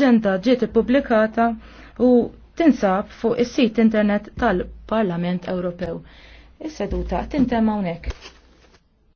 l-aġenda ġiet ippubblikata u tinsab fuq is-sit internet tal-Parlament Ewropew. Is-seduta tintema hawnhekk.